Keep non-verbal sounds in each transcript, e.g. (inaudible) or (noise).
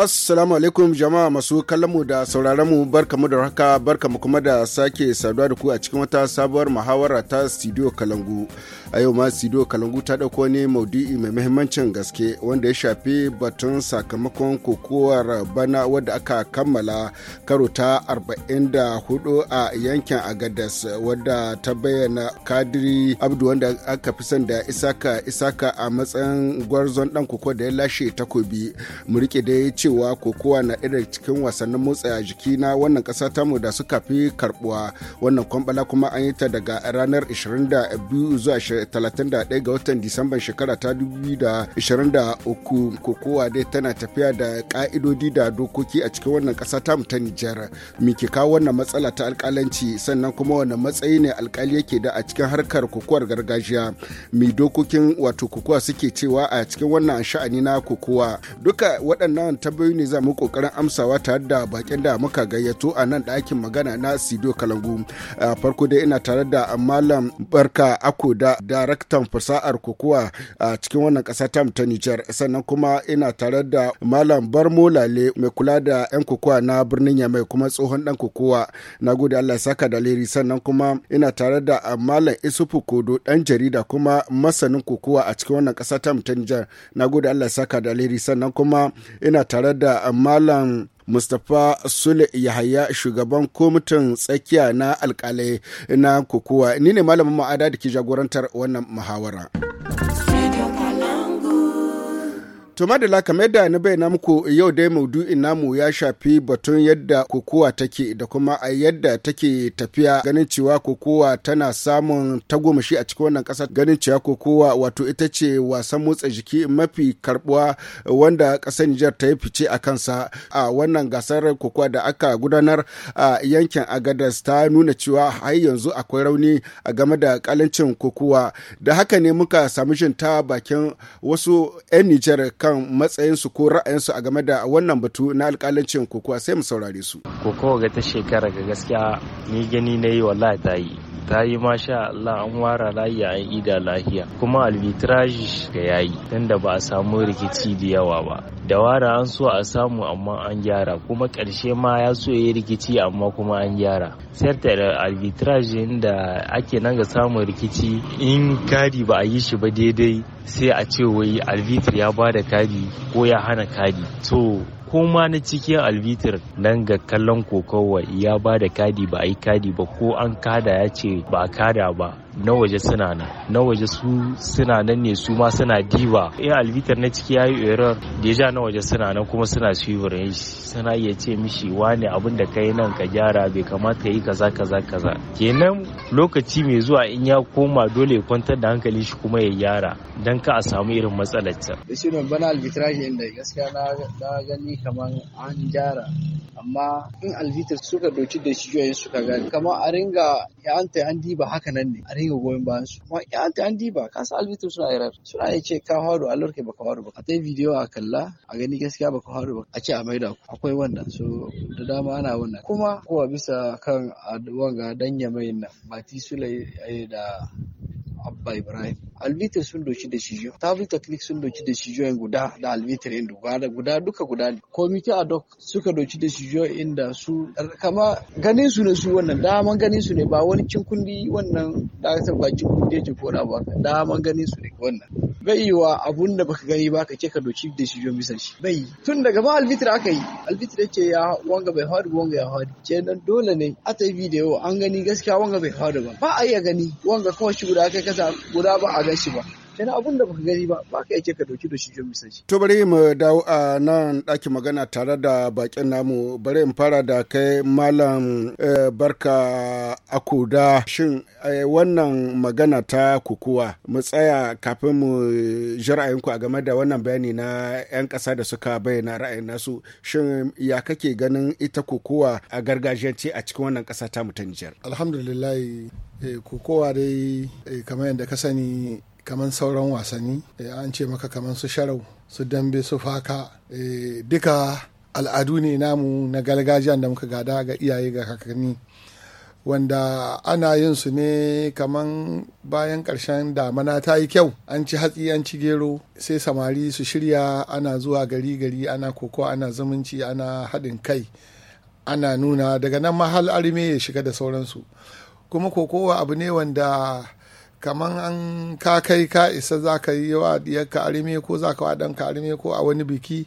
Assalamu alaikum jama'a masu kallon mu da sauraron mu barkamu da haka barkamu kuma da sake saduwa da ku a cikin wata sabuwar muhawara ta Studio Kalangu. A yau ma Studio Kalangu ta dauko ne maudu'i mai muhimmancin gaske wanda ya shafi batun sakamakon kokowar bana wadda aka kammala karo ta 44 a yankin Agadas wadda ta bayyana Kadiri Abdu wanda aka fi son da Isaka Isaka a matsayin gwarzon dan koko da ya lashe takobi. Mu rike ya ce cewa kokowa na ɗaya cikin wasannin motsa jiki na wannan ƙasa tamu da suka fi karbuwa wannan kwambala kuma an yi ta daga ranar 22 zuwa 31 ga watan disamba shekara ta 2023 kokowa dai tana tafiya da ka'idodi da dokoki a cikin wannan ƙasa tamu ta nijar miki kawo wannan matsala ta alƙalanci sannan kuma wannan matsayi ne alƙali yake da a cikin harkar kokowar gargajiya mi dokokin wato kokowa suke cewa a cikin wannan sha'ani na kokowa duka waɗannan tambayoyi ne za mu kokarin amsawa tare da bakin da muka gayyato a nan ɗakin magana na Sido Kalangu. Farko dai ina tare da Malam Barka Ako da daraktan fasahar kokowa a cikin wannan ƙasa ta ta Nijar. Sannan kuma ina tare da Malam Barmo Lale mai kula da 'yan kokowa na birnin Yamai kuma tsohon ɗan kokowa. Na gode Allah saka daliri sannan kuma ina tare da Malam Isufu Kodo ɗan jarida kuma masanin kokowa a cikin wannan ƙasa ta ta Nijar. Na gode Allah saka daliri sannan kuma ina tare tare da Malam Mustapha Sule Yahaya shugaban kwamitin tsakiya na alkalai na kokowa. Ni ne malamin ma'ada da ke jagorantar wannan muhawara. To madala kamar yadda na bayyana muku yau dai maudu'in namu ya shafi batun yadda kokowa take da kuma a yadda take tafiya ganin cewa kokowa tana samun tagomashi a cikin wannan ƙasar. ganin cewa kokowa wato ita ce wasan motsa jiki mafi karbuwa wanda ƙasar Nijar ta yi fice a kansa a wannan gasar kokowa da aka gudanar a yankin Agadez ta nuna cewa har yanzu akwai rauni a game da kalancin kokowa da haka ne muka samu jin ta bakin wasu 'yan Nijar kan kan matsayinsu ko ra'ayinsu a game da wannan batu na alkalancin kokowa sai mu saurare su kokowa ga ta shekara ga gaskiya ni gani na yi wallahi ta yi ta yi masha Allah an wara layi an ida lahiya kuma albitraji ga yayi tunda ba a samu rikici da yawa ba da wara an so a samu amma an gyara kuma ƙarshe ma ya so ya rikici amma kuma an gyara sayar da albitraji inda ake nan ga samun rikici in kadi ba a yi shi ba daidai sai a ce wai albitri ya bada da kadi ko ya hana kadi to koma na cikin albitir nan ga kallon kokowa ya ba da kadi ba a yi kadi ba ko an kada ya ce ba a kada ba na waje suna nan na waje su suna nan ne su ma suna diba in albitar na ciki ya yi error deja na waje suna nan kuma suna suivrin shi suna iya ce mishi wane abin da kai nan ka gyara bai kamata yi kaza kaza kaza kenan lokaci mai zuwa in ya koma dole ya kwantar da hankali shi kuma ya gyara dan ka a samu irin matsalar can shi ne bana arbitrage inda gaskiya na gani kamar an gyara amma in albitar suka doci da shi suka gani kamar a ringa ya'anta yan diba haka nan ne a dinga goyon bayan su kuma ya'anta yan diba ka san albitu suna irar suna ne ce ka faru a lurke baka faru ba a ta bidiyo a kalla a gani gaskiya baka faru ba a ce a maida ku akwai wannan so da dama ana wannan kuma kowa bisa kan wanga danya mai nan mati sulai eh, da abba ibrahim albitar sun doki da cijo tablet click sun doki da cijo guda da albitar in guda guda duka guda ne komite a hoc suka doki da shijo inda su kama ganin su ne su wannan daman ganin su ne ba wani cin kundi wannan da aka ba cin kundi yake ko na baka daman ganin su ne wannan bai yi wa abun da baka gani ba ka ce ka doki da shi bisan shi bai tun daga ba alfitir aka yi alfitir ce ya wanga bai hadu wanga ya hadu ce nan dole ne a ta bi da yawa an gani gaskiya wanga bai hadu ba ba a iya gani wanga kawai shi guda kai kasa guda ba a gan shi ba kenan abun da baka gani ba ba ka yake ka dauki da shi jin misali to bari mu dawo a nan daki magana tare da bakin namu bari in fara da kai malam eh, barka akuda shin eh, wannan magana ta kukuwa mu tsaya kafin mu ji ra'ayinku a game da wannan bayani na 'yan kasa da suka bayyana ra'ayin nasu shin ya kake ganin ita kukuwa a gargajiyance a cikin wannan kasa ta mu Alhamdulillah eh, kokowa dai kamar yadda ka sani kamar sauran wasanni eh, an ce maka kamar su sharau su dambe su faka eh, duka al'adu ne namu na gargajiya da muka gada ga iyaye ga kakanni wanda ana yin su ne kaman bayan ƙarshen damana ta yi kyau an ci hatsi an ci gero sai samari su shirya ana zuwa gari gari ana koko ana zumunci ana haɗin kai ana nuna daga nan mahal arime ya shiga da sauransu kuma kokowa abu ne wanda kamar an ka kai ka isa za ka yi wa diyarka arime ko za ka wa ka arime ko a wani biki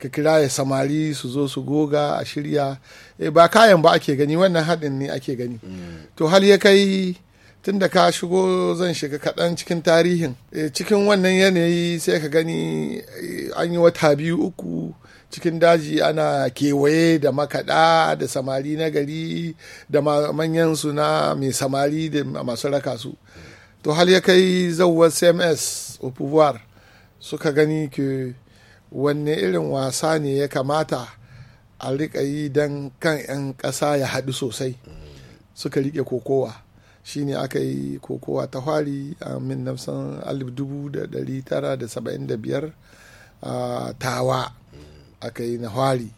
ka kira ya samari su zo su goga a shirya e, ba kayan ba ake gani wannan haɗin ne ake gani mm. to hal ya kai tun da ka shigo zan shiga kaɗan cikin tarihin e, cikin wannan yanayi sai ka gani eh, an yi wata biyu uku cikin daji ana kewaye da makaɗa da samari na gari da manyansu na mai samari da masu raka su to hal ya kai zauwa cms au suka gani ke wanne irin wasa ne ya kamata a riƙa yi don kan 'yan ƙasa ya haɗu sosai suka riƙe kokowa shine aka yi kokowa ta hwari a min 1975 a tawa aka yi na hwari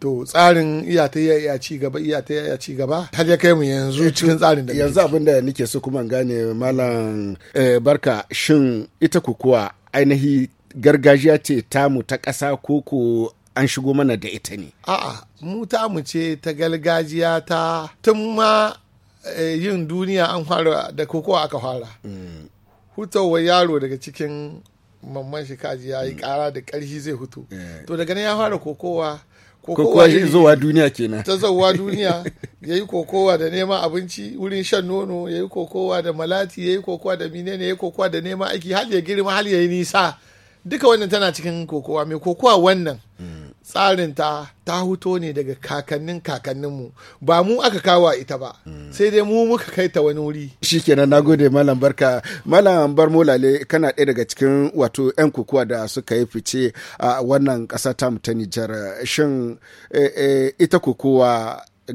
to tsarin iya ta iya ci gaba iya ta iya ci gaba har ya kai mu yanzu eh, cikin tsarin da yanzu abin da nake so kuma gane malam eh, barka shin ita kukuwa ainihi gargajiya ce tamu ta ƙasa ko ko an shigo mana da ita ne a'a mu tamu ce ta gargajiya ta tun ma eh, yin duniya an fara da kokowa aka fara mm. hutowar yaro daga cikin mamman shi kaji ya yi kara mm. da ƙarfi zai hutu to daga nan ya fara kokowa kokowa zowa duniya kenan ta zowa (laughs) duniya ya yi kokowa da nema abinci wurin shan nono ya yi kokowa da malati ya yi kokowa da minene ya yi kokowa da nema aiki hal ya girma hal ya yi nisa duka wannan tana cikin kokowa mai kokowa wannan hmm. tsarin ta ta huto ne daga kakannin kakanninmu ba mu aka kawa ita ba sai dai mu muka kai ta wani wuri shikenan nagode malam barka malam bar molale kana ɗaya daga cikin wato yan kukuwa da suka yi fice a wannan ƙasa ta ta Nijar shin eh, eh, ita kukuwa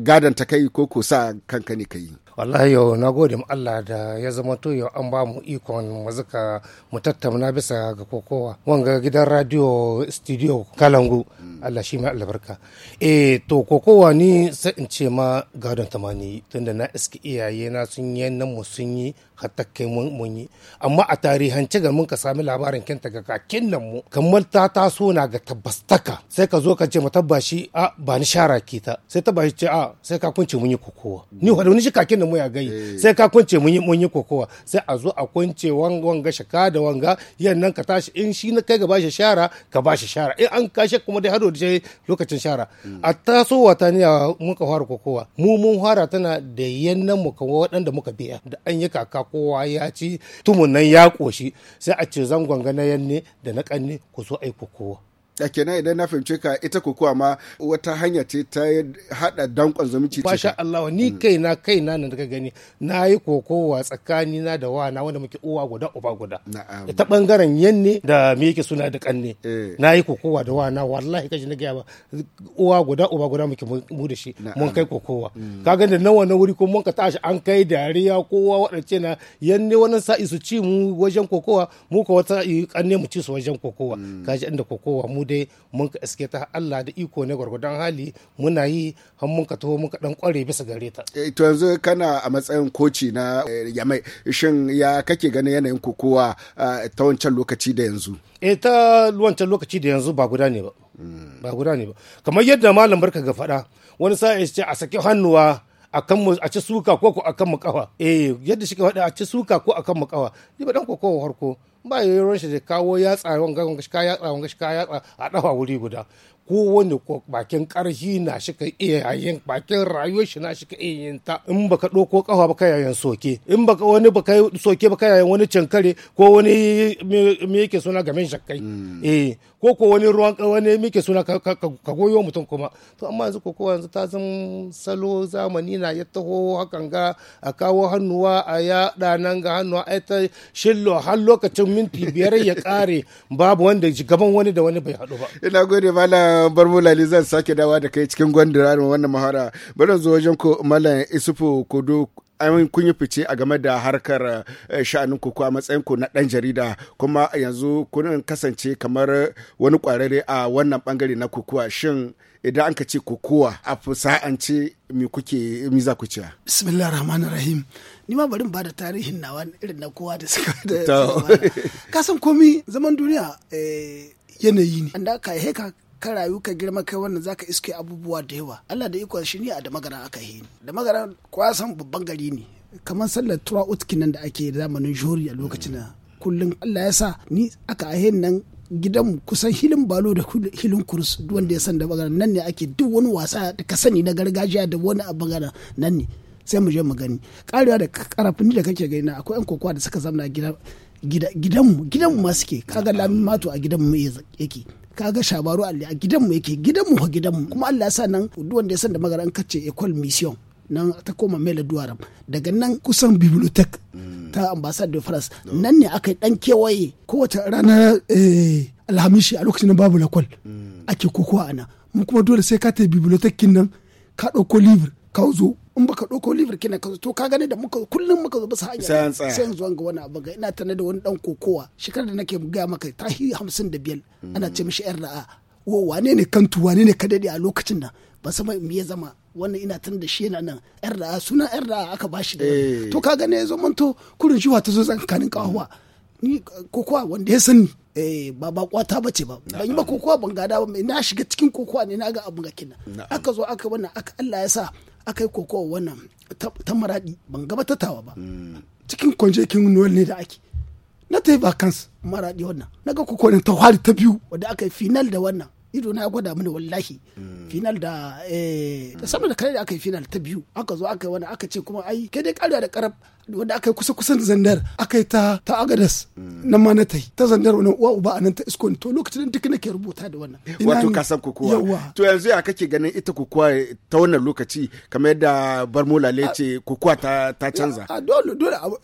gadon ta kai ko kusa kanka ne kai wallahi yau na gode mu Allah da ya zama to yau an ba mu ikon mazuka mu tattauna bisa ga kokowa wanga gidan radio studio kalangu mm. Allah shi mai albarka eh to kokowa ni sai in ce ma gadon tamani tunda na iski iyaye na sun yi nan mu sun yi hatta kai mun yi amma a tarihance ga mun ka sami labarin kenta ga kakin nan mu kamar ta taso na ga tabbastaka sai ka zo ka ce matabbashi a ba ni shara ki ta sai ta ce a sai ka kunce mun yi kokowa ni hada wani shi kakin nan mu ya gai eh. sai ka kunce mun yi mun yi kokowa sai a zo a kunce wanga shaka da wanga yannan ka tashi in shi na kai ga bashi shara ka bashi shara in an kashe kuma dai hado da shi lokacin shara hmm. a tasowa ta ne muka fara kokowa mu mun fara tana da yannan mu kamar waɗanda muka biya da an yi kaka kowa ya ci tumun nan ya ƙoshi sai a ce zangon ganayen ne da na ƙanne ku so aiko kowa a kenan idan na fahimce ka ita kokowa ma wata hanya ce ta hada dankon zumunci ce sha Allah ni mm. kaina kaina na daga gani na yi kokowa tsakani na da na wanda muke uwa guda uba guda ta bangaren yanne da me yake suna da kanne eh. na yi kokowa da wa na wallahi kaji na gaya ba uwa guda uba guda muke mu da shi mun kai kokowa mm. ka ga da nawa na wuri ko mun ka tashi an kai dariya kowa wadace na yanne wani sa'i su ci mu wajen kokowa mu ka wata kanne mu ci su wajen kokowa mm. kaji inda kokowa mu dai mun ka iske ta Allah da iko ne gwargwadon hali muna yi har mun ka taho mun ka dan kware bisa gare ta eh, to yanzu kana a matsayin koci na eh, yamai shin ya kake ganin yanayin kokowa eh, ta wancan lokaci da yanzu eh ta wancan lokaci da yanzu ba guda ne ba hmm. ba guda ne ba kamar yadda malam barka ga faɗa wani sa'a ce a saki hannuwa kan mu a ci suka ko ko kan mu kawa. eh yadda shi ka faɗa a ci suka ko kan mu kawa. ni ba dan kokowa harko ba ya yi shi da kawo yatsa wanga wanga shika yatsa wanga shika yatsa a dafa wuri guda ko wani ko bakin karhi na shi ka iya yayin bakin rayuwar shi na shi ka iya yin ta in baka ɗauko kafa baka yayin soke in baka wani baka soke baka yayin wani cinkare ko wani me yake suna gamin shakkai mm. eh ko ko wani ruwan wani muke suna ka goyo mutum kuma to amma yanzu koko yanzu ta san salo zamani na ya taho hakan ga a kawo hannuwa a yaɗa nan ga hannuwa ai ta shillo har lokacin minti biyar ya kare babu wanda gaban wani da wani bai haɗu ba ina gode malam barbulali zan sake dawa da kai cikin gwandira wannan mahara bari zo wajen ko malam isufu kudu an kun yi fice a game da harkar eh, sha'anin ku a matsayin ku na ɗan jarida kuma yanzu kun kasance kamar wani kwararre a wannan bangare na kukuwa shin idan an ka ce kukuwa a fusa'ance mi kuke mi za ku cewa bismillah rahman rahim ni ma barin bada tarihin nawa irin na kowa da suka (laughs) da kasan komi zaman duniya eh, yanayi ne an da ka heka ka rayu ka girma kai wannan zaka iske abubuwa da yawa Allah da iko shi ne a da magana aka yi da magana san babban gari ne kamar sallar tura nan da ake zamanin jori a lokacin da kullum Allah ya sa ni aka ahin nan gidanmu kusan hilin balo da hilin kurus wanda ya san da magana nan ne ake duk wani wasa da ka sani na gargajiya da wani a magana nan ne sai mu je mu gani karewa da karafin da kake gani na akwai yan kokowa da suka zamna gidanmu gidanmu ma suke kaga lamin mato a gidanmu yake kaga shabaru alli a mu yake gidan gidanmu fa mu kuma Allah ya sa nan duk wanda ya san da magana an kace école mission nan ta koma mele duwaram daga nan kusan bibliothèque ta ambassade de France nan ne aka yi dan kewaye kowace rana eh, alhamishi a lokacin babu lakwal hmm. ake kokowa ana mu kuma dole sai ka ta bibliothèque nan ka dauko livre ka zo in baka ɗauko livir kina ka to ka gane da muka kullum muka zo basa hanya sai yanzu an ga wani abu ga ina tana da wani dan kokowa shekarar da nake gaya maka tahi hamsin da biyar ana ce mishi yar da'a wo wane ne kantu wane ne ka dade a lokacin nan ba sama me ya zama wannan ina tana da shi yana nan yar da'a suna yar da'a aka bashi da eh. to ka gane ya zo manto kurin shi ta zo tsakanin kawawa ni kokowa wanda ya sani eh ba ba kwata bace ba ban yi ba kokowa ban gada ba na shiga cikin kokowa ne na ga abu ga kina aka zo aka wannan aka Allah ya sa aka yi kokowa wannan ta maraɗi ban gaba ta tawa ba cikin kwanje kin noel ne da ake na ta yi ba kans maradi wannan na ga kokowa ta hari ta biyu wadda aka yi final da wannan ido na gwada mini wallahi final da eh sama da kare da aka yi final ta biyu aka zo aka yi wannan aka ce kuma ai kai dai karewa da karab wanda aka yi kusa kusan zandar aka yi ta ta agadas nan ma na tai ta zandar wannan uwa uba anan ta iskon to lokacin duk nake rubuta da wannan wato ka san kukuwa to yanzu ya kake ganin ita kukuwa ta wannan lokaci kamar yadda barmola le ce kukuwa ta ta canza a dole dole abu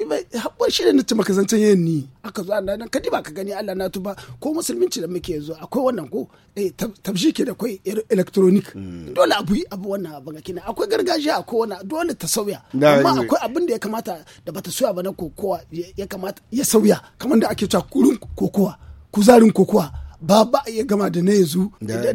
habban shi ne na cimaka zancen yin ni aka zo Allah nan kadi ba ka gani Allah na tuba ko musulminci da muke yanzu akwai wannan ko eh tabshi ke da kai er, electronic hmm. dole abu abu wannan abu ga kina akwai gargajiya akwai wannan dole ta sauya amma akwai abin da ya kamata da bata soya ba na kokowa ya kamata ya sauya kamar da ake cewa kurin kokowa kuzarin kokowa ba ba ya gama da na yanzu da na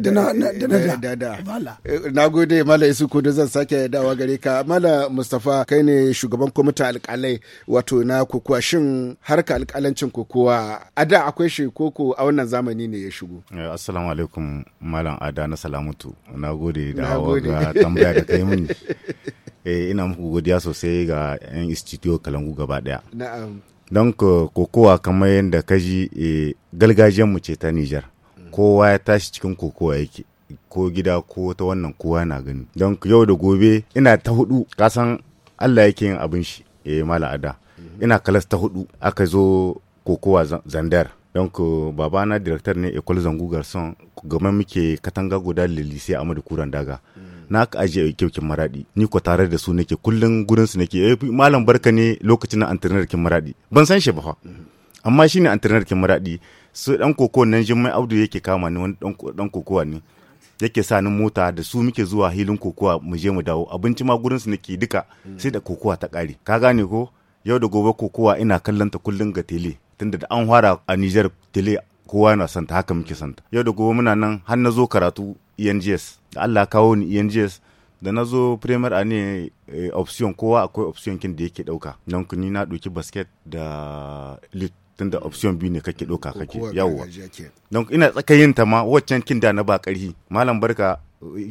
da da eh, na gode mala isu da zan sake dawa gare ka mala mustafa kai ne shugaban kwamitin alkalai wato na kokowa shin harka alkalancin kokowa a da akwai shi koko a wannan zamani ne ya shigo eh, assalamu alaikum malam ada na salamatu na gode da hawa ga tambaya da kai mun (laughs) eh, ina muku godiya sosai ga 'yan istitiyo kalangu gaba daya na'am don kokowa kamar yadda ka ji eh, galgajen mu ce ta Nijar mm. kowa ya tashi cikin kokowa yake ko gida ko ta wannan kowa na gani don yau da gobe ina ta hudu kasan Allah yake yin abin shi eh mala'ada mm-hmm. ina kalas ta hudu aka zo kokowa zandar don babana director ne ecole zangu garson gama muke katanga guda lilise amadu kuran daga na ka aje kyaukin maradi ni ko tare da su nake kullun gurin su nake eh, malam barka ne lokacin na antrenar kin maradi ban san shi ba fa amma shine antrenar kin maradi su dan koko nan mai abdu yake kama ni wani dan koko ne yake sa ni mota da su muke zuwa hilin kokowa mu je mu dawo abinci ma gurin su nake duka sai da kokowa ta kare ka gane ko yau da gobe kokowa ina kallon ta kullun ga tele tunda da an fara a Niger tele kowa na santa haka muke santa yau da gobe muna nan har na zo karatu ENGS da Allah kawo ni ENGS da na zo primar a ne eh, option kowa akwai option kin da yake dauka don ni na doki basket da lit tun da option biyu ne kake doka kake yawwa don ina tsakayin ta ma waccan kin da na ba karhi malam barka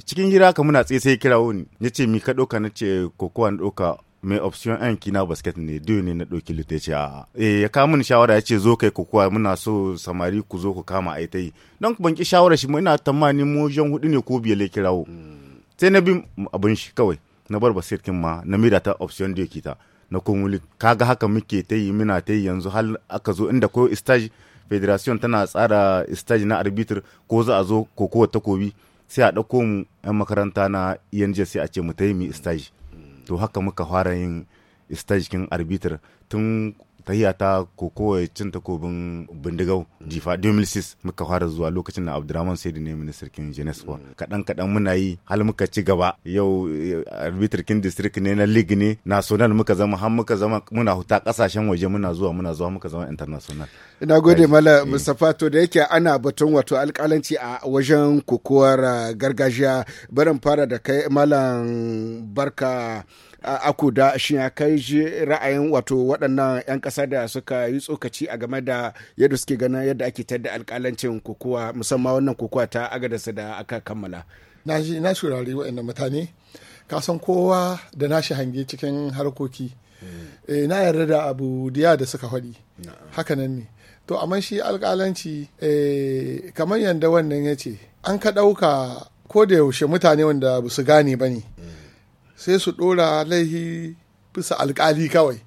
cikin hira ka muna tsaye sai kirawo ni nace mi ka doka nace kokowa na doka mai option an kina basket ne dole ne na ɗauki lute ce a eh ya kawo mini shawara ya ce zo kai ku kuwa muna so samari ku zo ku kama ai tai don ban ki shawara shi ina tamani mu jan hudu ne ko le kirawo sai na bi abun shi kawai na bar basket kin ma na mida ta option da yake ta na kumuli kaga haka muke ta yi muna ta yi yanzu har aka zo inda ko stage federation tana tsara stage na arbiter ko za a zo ko ta takobi sai a dauko mu 'yan makaranta na enj sai a ce mu ta yi stage to haka muka fara yin kin arbiter tun tahiya ta kokowa cin takobin bindigau jifa 2006 muka fara zuwa lokacin na abdurrahman sai ne ministirkin jenesco mm. kaɗan kaɗan muna yi hal muka ci gaba yau eh, arbitrikin district ne na league ne national muka zama har muka zama muna huta kasashen waje muna zuwa muna zuwa muka zama international ina gode mala mm. mustapha to da yake ana batun wato alkalanci a wajen kokowar eh, gargajiya barin fara da kai malam barka a kuda shi ya kai ji ra'ayin wato waɗannan 'yan ƙasa da suka yi tsokaci a game da yadda suke ganin yadda ake tadda alƙalancin kokowa musamman wannan kokowa ta agadarsa da aka kammala. Na ji na shurari waɗannan mutane kasan kowa da nashi hange cikin harkoki. Hmm. Eh, na yarda da abu diya da suka faɗi. Hakanan ne. To amma shi alƙalanci eh, kamar yadda wannan ya ce an ka ɗauka ko da yaushe mutane wanda ba su gane ba ne. Hmm. sai su ɗora laihi bisa alkali kawai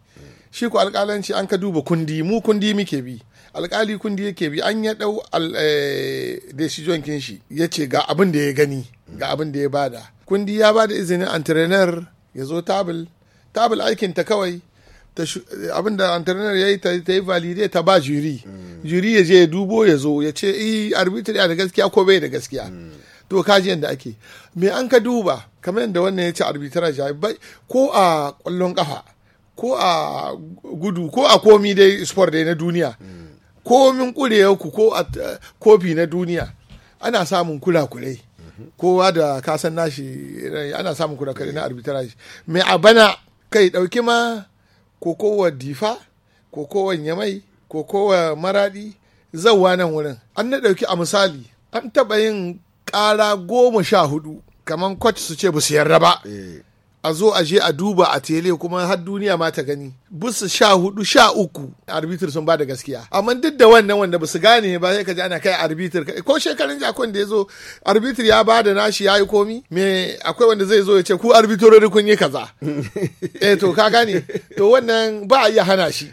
shi ku alkalanci an ka duba kundi mu kundi muke bi alkali kundi yake bi an ya dau eh, decision kin shi ya ce ga abin da ya gani ga abin da ya bada kundi ya bada izinin entrepreneur ya zo tabul tabul aikin ta kawai abin da entrepreneur ya yi ta yi valide ta ba juri juri ya je ya dubo ya zo ya ce eh arbitrar da gaskiya ko bai da gaskiya mm. to kaji yadda ake me an ka duba kamar yadda wannan ya ce arbitrage ko a kwallon kafa ko a gudu ko a komi dai sport dai na duniya komin ku ko a kofi na duniya ana samun kula kurakurai kowa da kasan nashi eh, ana samun kula kurakurai na arbitrage mai a bana kai ɗauki ma kokowa difa kokowa yamai kokowa maradi zauwa nan wurin an na dauki a misali an taɓa yin ƙara goma sha hudu kaman coach su ce su yarda ba eh. a zo a je a duba a tele kuma har duniya ma ta gani busu sha hudu sha uku arbitr sun ba da gaskiya amma duk da wannan wanda busu gane ba sai ka ji ana kai arbitr ko shekarun jakon da ya zo arbitr ya ba da nashi ya yi komi me akwai wanda zai zo ya ce ku arbitrori kun yi kaza (laughs) eh to ka gane to wannan ba a iya hana shi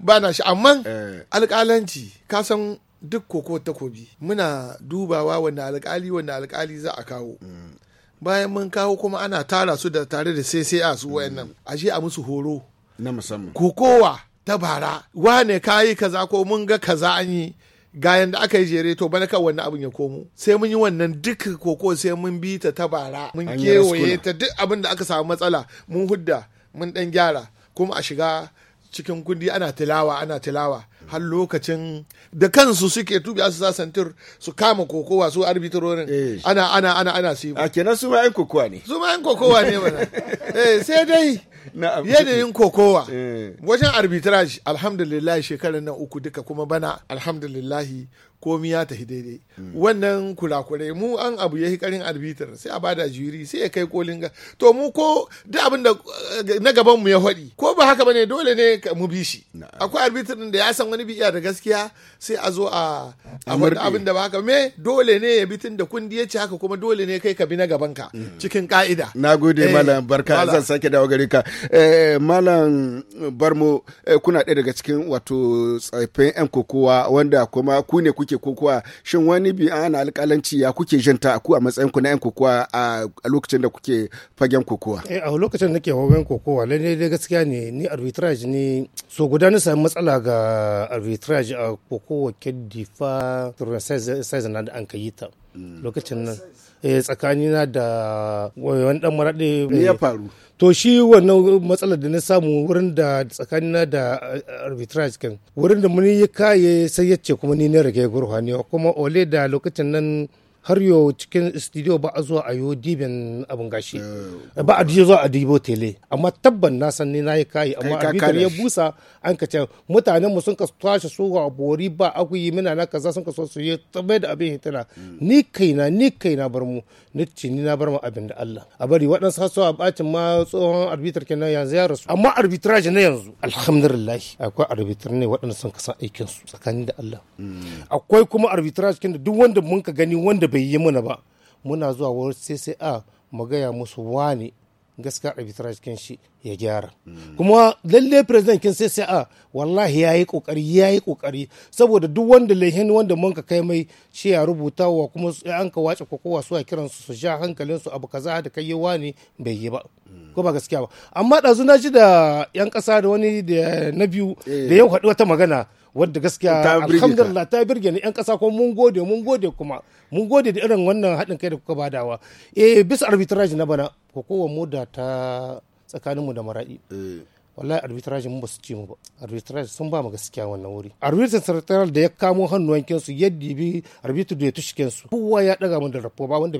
ba na shi amma eh. alƙalanci ka san duk koko takobi muna dubawa wanda alƙali wanda alƙali za a kawo mm. bayan mun kawo kuma ana tara su da tare da CCA su mm. wayannan ashe a musu horo na musamman kokowa ta bara wane kayi kaza ko mun ga kaza an yi ga yanda aka yi jere to bana kan wannan abin ya komo sai mun yi wannan duk koko sai mun bi ta ta bara mun kewaye ta duk abin da aka samu matsala mun hudda mun dan gyara kuma a shiga cikin kundi ana tilawa ana tilawa har lokacin da kansu suke tubi su sa santir su kama kokowa su arbitrorin eh. ana ana ana ana su a kenan su ma kokowa ne su ma kokowa ne mana (laughs) eh sai dai yanayin kokowa eh. wajen arbitrage alhamdulillah shekarar na uku duka kuma bana alhamdulillah komi ya tafi daidai hmm. wannan kurakurai mu an abu ya karin arbitar sai a bada juri sai ya kai kolin ga to mu ko da abin da eh, na gaban mu ya faɗi ko ba haka bane dole ne mu bi shi akwai arbitar da ya san wani bi da gaskiya sai a zo a abin da ba haka me dole ne ya bitin da kundi ya ci haka kuma dole ne kai ka bi na gaban ka hmm. cikin ka'ida nagode eh, malam barka zan sake dawo gare ka eh, malam barmo kuna ɗaya daga cikin wato tsaifin yan kokowa wanda kuma ku ne ku kuke kokowa shin wani bi ana alƙalanci ya kuke jin ta ku a matsayin ku na yan kokowa a lokacin da kuke fagen kokowa eh a lokacin da nake fagen kokowa lalle dai gaskiya ne ni arbitrage ne so guda na samu matsala ga arbitrage a kokowa keddifa 16 na da an lokacin nan eh, tsakanina da wani dan maraɗe ne ya faru to shi wannan matsalar da na samu wurin da tsakanina da eh, arbitrage kan wurin da muni ya kaye sai ya ce kuma ni ne rage gurhaniya kuma ole da lokacin nan har yau cikin studio ba a zuwa a yi dibin abin gashi eh, ba a zuwa a dibo tele amma tabban na san ne na yi kayi amma abin ya busa an ka ce mutanen mu sun ka tashi su ga bori ba kuyi mina na kaza sun ka so su yi tabbai da abin hitina hmm. ni kaina ni kaina bar mu ni ci ni na bar mu abin da Allah a bari waɗansu hasu a bacin ma tsohon arbitrar kenan yanzu ya rasu amma arbitrage na yanzu alhamdulillah akwai arbitrar ne waɗanda sun ka san aikin su tsakanin da Allah hmm. akwai kuma arbitrage kenan duk wanda mun ka gani wanda bai yi muna ba muna zuwa wani CCA mu gaya musu wani gaskiya arbitrage kin shi ya gyara hmm. kuma lalle president kin CCA wallahi yayi kokari yayi kokari saboda duk wanda lehin wanda mun ka kai mai shi ya rubuta wa kuma an ka wace kokowa su a kiran su su ja hankalin su abu kaza da kai wani bai yi ba hmm. ko ba gaskiya ba amma dazu na ji da yan kasa da wani da na biyu eh. da yau haɗu wata magana wadda gaskiya alhamdulillah ta birge ni yan kasa ko mun gode mun gode kuma mun gode da irin wannan haɗin kai da kuka badawa eh bisa arbitrage na bana ko kowa mu da ta tsakaninmu da mara'i eh. wallahi arbitrage mun ba su ce mu ba arbitrage sun ba mu gaskiya wannan wuri arbitrage sarataral da ya kamo hannuwankin su yadda bi arbitrage da ya tushiken kensu kowa ya daga mun da rafo ba wanda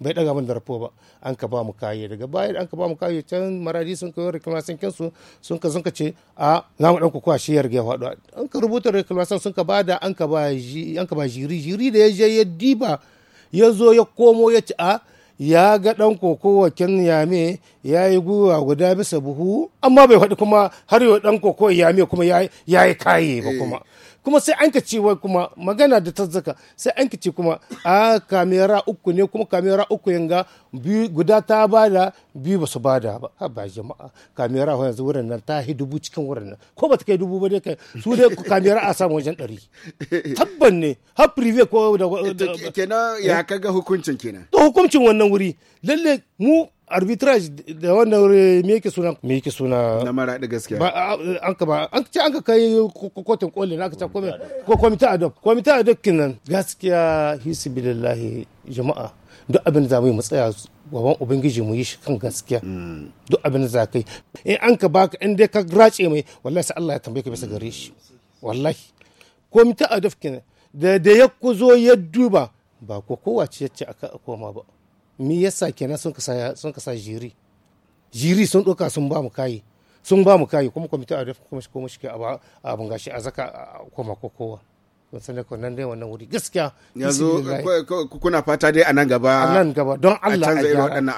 bai daga mun da rafo ba an ka ba mu kaye daga baya an ka ba mu kaye can maradi sun kai reclamation kensu sun ka sun ka ce a za mu dauko kwashi ya riga faɗo an ka rubuta reclamation sun ka ba an ka ba an ka ba jiri jiri da ya je ya diba ya zo ya komo ya ci a ya ga ɗan kokowa yame ya yi gwiwa guda bisa buhu amma bai faɗi kuma har yau ɗan kokowa yame kuma ya yi kaye ba eh. kuma kuma sai an ka ce wai kuma magana da tazzaka sai an ka ce kuma a kamera uku ne kuma kamera uku yanga biyu guda ta bada biyu ba su bada ba ha ba jama'a kamera wa yanzu wurin nan ta hi dubu cikin wurin nan ko ba ta kai dubu ba dai kai su dai kamera a samu wajen ɗari tabban ne har prive ko da eh, kenan ya eh. kaga hukuncin kenan to hukuncin wannan wuri lalle mu arbitrage da wannan me yake suna me yake suna na mara da gaskiya ba an ka ba an ce an ka kai kotun koli na ka ce ko komita adop komita adop kinan gaskiya billahi jama'a duk abin da mu tsaya gaban ubangiji mu yi shi kan gaskiya hmm. duk abin da za kai in an ka baka in dai ka race mai wallahi sai Allah ya tambaye ka bisa gare shi wallahi komita adop kinan da da ya kuzo ya duba ba ko kowace yace aka koma ba me yasa kenan sun kasa sun kasa jiri jiri sun doka sun ba mu kayi sun ba mu kayi kuma kwamitin a dafa kuma kuma shi a abun gashi a zaka kuma ko kowa kun sanar ko nan dai wannan wuri gaskiya yanzu kuna fata dai a nan gaba a nan gaba don Allah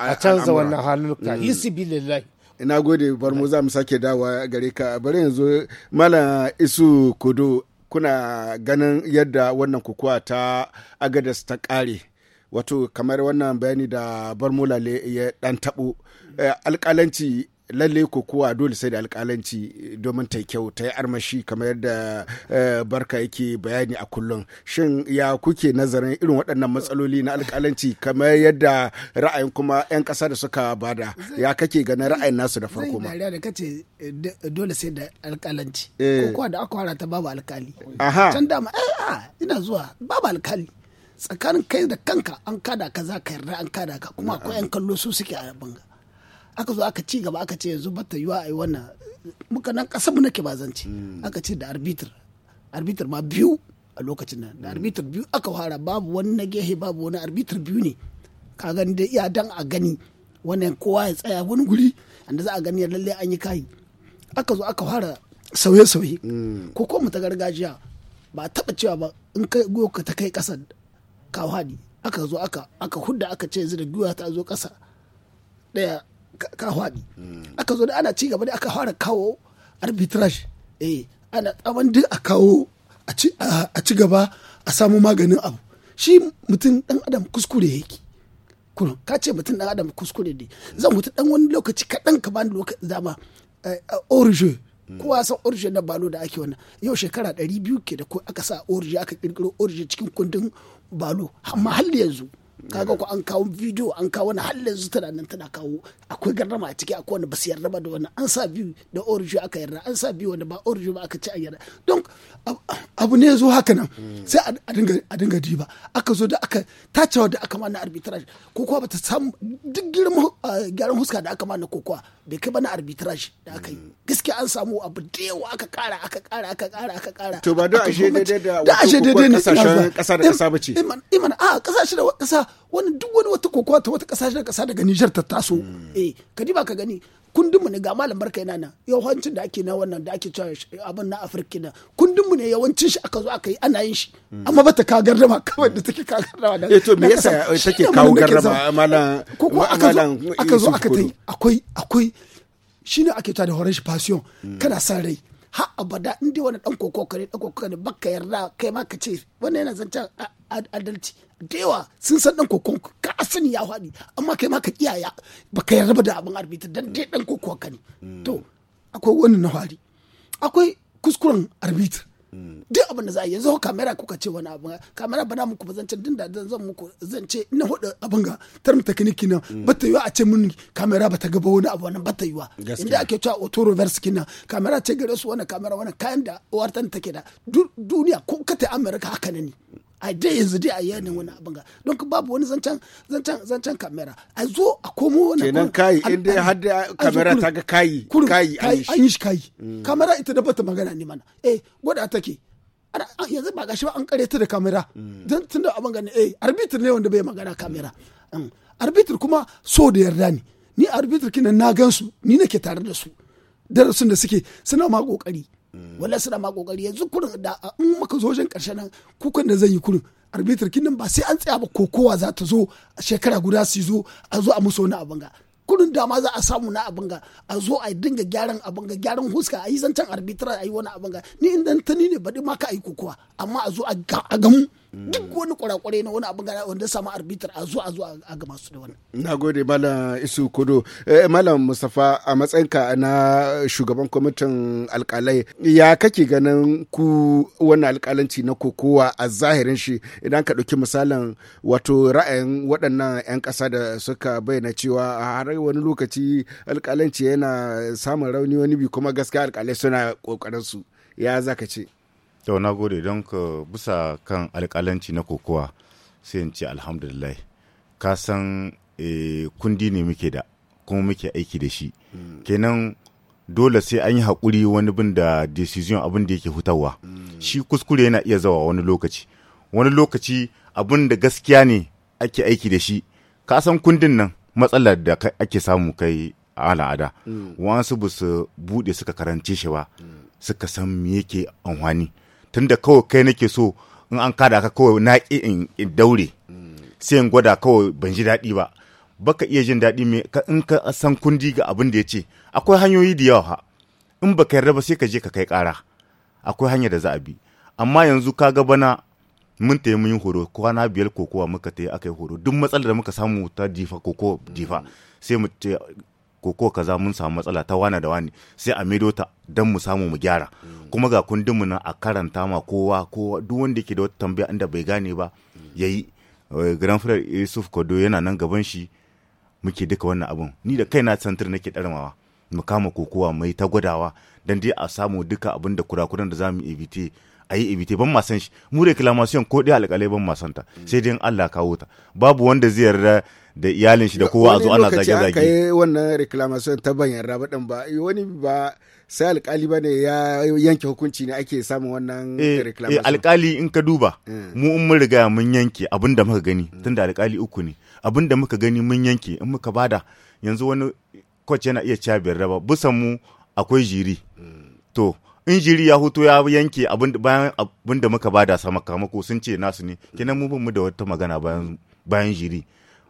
a canza wannan halulka mm. yisibilillahi ina gode bar mu za mu sake dawa gare ka bari yanzu mala isu kudu kuna ganin yadda wannan kukuwa ta agadas ta kare wato kamar wannan bayani da barmulale ya dan tabo eh, alkalanci lalle ko kuwa dole sai da alkalanci domin ta kyau ta yi armashi kamar yadda eh, barka yake bayani a kullum shin ya kuke nazarin irin waɗannan matsaloli na alkalanci kamar yadda ra'ayin kuma 'yan ƙasa da suka bada ya kake ganin ra'ayin nasu da farko ma zai da kace eh, dole sai da ko kuwa da aka ta babu alƙali can dama ah, ina zuwa babu alƙali tsakanin kai da kanka an kada ka za ka yarda an kada ka kuma akwai yan kallo su suke a banga aka zo aka ci gaba aka ce yanzu bata yiwa ai wannan muka nan kasar mu nake bazanci hmm. aka ce da arbitr arbitr ma biyu a lokacin nan da hmm. arbitr biyu aka fara babu wani na gehe babu wani arbitr biyu ne ka gani da iya dan a gani wannan kowa ya tsaya wani guri inda za a gani lalle an yi kayi aka zo aka fara sauye-sauye hmm. ko ko mu ta gargajiya ba a taba cewa ba in kai ka ta kai kasa kawo aka zo aka aka hudda aka ce yanzu da gwiwa ta zo kasa daya kawo aka zo da ana ci gaba da aka fara kawo arbitrage eh ana tsaban duk a kawo a ci gaba a samu maganin abu shi mutum dan adam kuskure yake kuma ka ce mutum dan adam kuskure ne zan huta dan wani lokaci kaɗan ka bani lokaci dama eh, orije Kuwa san orije na balo da ake wannan yau shekara ɗari biyu ke da ko aka sa orije aka kirkiro orije cikin kundin balo amma har yanzu kaga ko an kawo video an kawo wani har yanzu tana nan tana kawo akwai garrama a ciki akwai wani ba su yarda ba da wani an sa biyu da orijo aka yarda an sa biyu wanda ba orijo ba aka ci an yarda don abu ne zo haka nan sai a dinga di ba diba aka zo da aka tacewa da aka mana arbitrage ko kuwa bata samu duk girman gyaran huska da aka mana ko kuwa bai kai ba na arbitrage da aka yi gaskiya an samu abu da yawa aka kara aka kara aka kara aka kara to ba da ashe daidai da da kasashen kasa da kasa bace iman a kasashe da kasa wani duk wani wata kokowa ta wata kasashe na kasa daga Nijar ta taso hmm. eh ka ba ka gani kundinmu ne ga malam barka yana nan yawancin da ake na wannan da ake cewa abin na Afirka na kundinmu ne yawancin shi aka zo aka yi ana yin shi hmm. amma bata ka gardama kawai da take ka gardama da eh, to me yasa eh, take kawo gardama malam aka zo aka yi akwai akwai shine ake ta da horish passion hmm. kana san rai ha abada in dai wani dan kokoka ne dan koko ne baka yarda kai ma ka ce wani yana zancen adalci dewa sun san dan kokon ka asani ya faɗi amma kai ma ka kiyaya baka yarda ba da abin arbita dan dai dan kokoka ne to akwai wani na akwai kuskuren arbita duk abin da za a yi yanzu kamera kuka ce wani abu kamera ba na muku ba zance din da zan muku zance ina hudu abin ga term technique nan mm. ba ta yiwa a ce mun kamera ba ta gaba wani abu wannan ba ta yiwa inda ake cewa auto reverse kina kamera ce gare su wani kamera wani kayan da wartan take da duniya ko kata america haka ne a dai yanzu dai a yanin wani abin ga don ka babu wani zancen zancen zancen kamera a zo a komo wani kenan kayi in dai har da kamera ta ga kayi kayi an yi shi kayi mm. kamera ita da bata magana ne mana eh gwada take yanzu ba gashi ba an kare ta da kamera mm. don tun da abin gani eh arbitr ne wanda bai magana kamera mm. arbitr kuma so da yarda ne ni arbitr kinan na gansu ni nake tare da su darasin da suke suna ma kokari wala suna ma kokari yanzu kurin da in muka zo karshen nan kukan da zan yi kurin arbitr kinnan ba sai an tsaya ba ko kowa za ta zo a shekara guda su zo a zo a musu wani abin ga kurin dama za a samu na abin ga a zo a dinga gyaran abin ga gyaran huska a yi zancen arbitrar a yi wani abin ga ni in tani ne baɗi ma ka yi kokowa amma a zo a gamu duk wani kurakure na wani abu wanda samu arbitar a zuwa zuwa a gama su da wani. na gode malam isu kudo eh, malam mustafa a matsayinka na shugaban kwamitin alkalai ya kake ganin ku wannan alkalanci na kokowa a zahirin shi idan ka ɗauki misalin wato ra'ayin waɗannan 'yan ƙasa da suka bayyana cewa a har wani lokaci alkalanci yana samun rauni wani bi kuma gaskiya alkalai suna ƙoƙarin su ya zaka ce to na gode don ka bisa kan alƙalanci na kokowa sai in ce alhamdulillah ka san eh, kundi ne muke da kuma muke aiki da shi mm. kenan dole sai an yi haƙuri wani bin da decision abin da yake hutawa mm. shi kuskure yana iya zawa wani lokaci wani lokaci abin da gaskiya ne ake aiki da shi ka san kundin nan matsalar da ake samu kai a al'ada mm. wasu ba su buɗe suka karance shi ba suka san me yake amfani tunda kawai kai nake so in an kada ka kawai na in daure sai in gwada kawai ban ji daɗi ba baka iya jin daɗi mai in ka san kundi ga abin da ya ce akwai hanyoyi da yawa in baka yarda ba sai ka je ka kai kara akwai hanya da za a bi amma yanzu ka ga bana mun yi mun yi horo kwana biyar kokowa muka yi aka yi horo duk matsalar da muka samu ta difa koko difa sai mu ce koko kaza mun samu matsala ta wana da wani sai a maido ta don mu samu mu gyara kuma ga kundinmu nan a karanta ma kowa kowa duk wanda ke da wata tambaya inda bai gane ba yi eh, grand frère Yusuf Kodo yana nan gaban shi muke duka wannan abun ni da kaina santir nake darmawa mu kama kokowa mai ta gwadawa dan dai a samu duka abin da kurakuran da zamu evite a yi evite ban ma san shi mu reclamation ko dai alƙalai ban ma ta sai dai Allah kawo ta babu wanda zai yarda da iyalin shi da kowa a zo ana zage zage wani lokaci wannan reclamation ta ban yarda ba ba wani ba sai alkali ba ne ya yanke hukunci ne ake samun wannan eh, eh, reclamation eh alkali in ka duba eh. mu in mun riga mun yanke abin da muka gani tunda alkali uku ne abin da muka gani mun yanke in muka bada yanzu wani coach yana iya cewa biyar raba busan mu akwai jiri to in jiri ya huto ya yanke bayan abin da muka bada sama kamako sun ce nasu ne kenan mu mu da wata magana bayan bayan jiri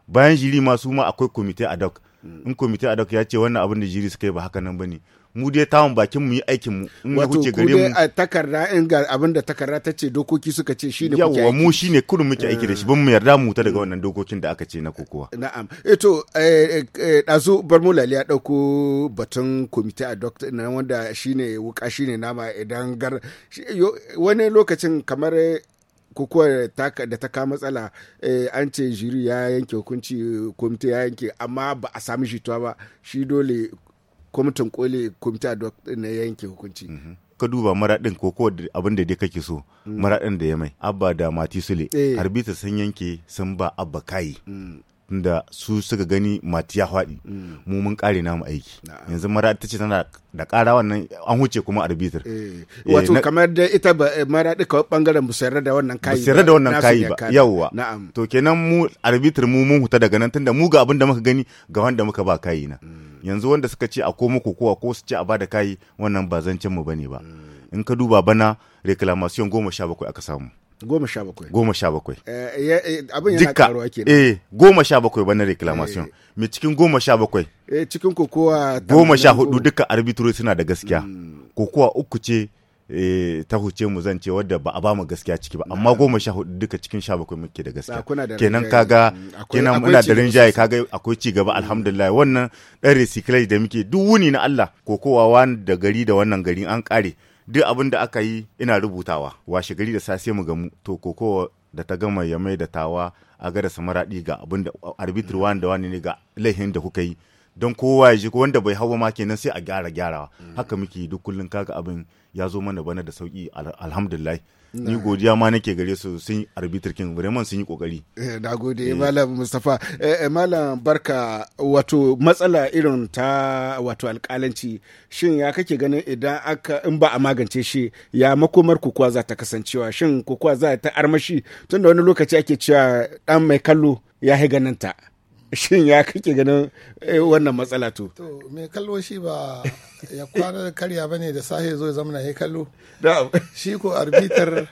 bayan jiri ma su ma akwai komite ad hoc in komite ad hoc ya ce wannan abin da jiri suka yi ba haka nan bane mu dai tawon bakin mu yi aikin mu in ya huce gare mu a takarda in ga abin da takarda ta ce dokoki suka ce shine kuke yawa mu shine kudu muke aiki da shi ban mu yarda mu ta daga wannan dokokin da aka ce na kokowa na'am eh to dazu eh, eh, eh, bar mu laliya dauko batun komite a doctor na wanda shine wuka shine nama idan gar wani lokacin kamar kukuwar da ta kama matsala an ce jiri ya yanke hukunci komite ya yanke amma ba a sami jituwa ba shi dole kwamitin koli kwamita na yanke hukunci mhm. ka duba maraɗin ko ko abin da dai kake so mm. maraɗin da ya mai abba da mati sule eh. harbita sun yanke sun ba abba kayi mm. tunda su suka gani mati ya faɗi mu mun kare namu aiki yanzu mara ta ce tana da ƙara wannan an huce kuma arbitr eh, wato eh, kamar da ita ba eh, mara duka bangaren bu sayar da wannan kayi sayar da wannan kayi ba yawwa to kenan mu arbitr mu mun huta daga nan tunda mu ga abin da muka gani ga wanda muka ba kayi na mm. yanzu wanda suka ce a ko kowa ko su ce a bada kayi wannan ba zancen mu bane ba mm. in ka duba bana reclamation goma sha bakwai aka samu goma sha bakwai goma sha bakwai eh, eh, eh, abin yana karuwa ke eh goma sha bakwai ba na reclamation mai cikin goma sha bakwai eh cikin kokowa goma sha hudu duka arbitro suna da gaskiya hmm. kokowa uku ce ta huce mu zan ce wadda ba a ba mu gaskiya ciki ba amma goma sha hudu duka cikin sha bakwai muke da gaskiya kenan kaga hmm, kenan muna da rinjaye kaga akwai ci gaba hmm. alhamdulillah wannan dan recyclage da muke duk wuni na Allah kokowa wani da gari da wannan gari an kare duk abin da aka yi ina rubutawa washe gari da sase mu gamu to kokowa da ta gama ya mai da tawa a gada samaradi ga abin da arbitr wani da wani ne ga laihin da kuka yi don kowa ya ji wanda bai hawa ma kenan sai a gyara gyarawa mm. haka muke duk kullun kaga abin ya zo mana bana da sauki alhamdulillah ni godiya ma nake gare su sun yi arbitrar king vraiment sun yi kokari eh, na gode eh. malam mustafa eh, malam barka wato matsala irin ta wato alkalanci shin ya kake ganin idan aka in ba a magance shi ya makomar kukuwa za ta kasancewa shin kukuwa za ta armashi tunda wani lokaci ake cewa dan mai kallo ya ganin ta shin ya kake ganin eh, wannan matsala to mai kallo shi ba ya kwana da karya bane da sahe zo na ya kallo shi ko arbitar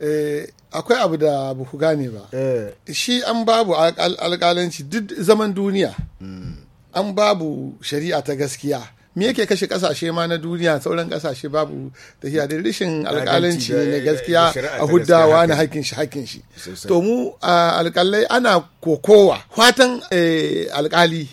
eh, akwai abu da ba gane ba eh. shi an babu alkalanci duk zaman duniya hmm. an babu shari'a ta gaskiya me yake kashe kasashe ma na duniya sauran kasashe babu da tafiya eh, da rishin alƙalanci ne gaskiya a huddawa na hakin shi hakin shi to mu alƙalai ana kokowa fatan eh, alƙali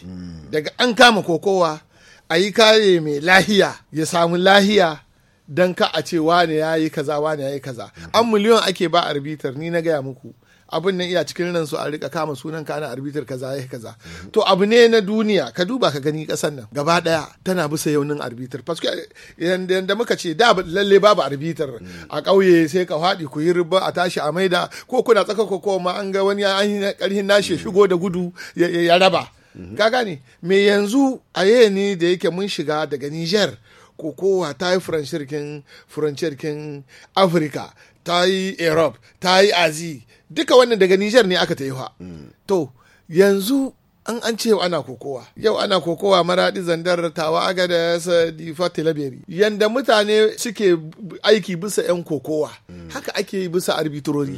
daga an kama kokowa a yi kare mai lahiya ya samu lahiya don ka a ce wane ya yi kaza wane ya yi kaza an miliyon ake ba arbitar ni na gaya muku abin nan iya cikin nan su a rika kama sunan ka arbitar kaza ya eh, kaza to abu ne na duniya ka duba ka gani kasan nan gaba daya tana bisa yaunin arbitar paske idan da muka ce da lalle babu arbitar a kauye sai ka faɗi ku yi riba a tashi a maida ko kuna tsaka ko ma an ga wani an karhin nashi shigo da gudu ya raba ka gane me yanzu a ne da yake mun shiga daga Niger kokowa ta yi furancirkin afirka ta yi europe ta yi azi duka wannan daga Nijar ne aka ta yi to yanzu an an ce ana kokowa yau ana kokowa maradi zandar tawa agadas difa talabiri yanda mutane suke aiki bisa yan kokowa haka ake bisa arbitrori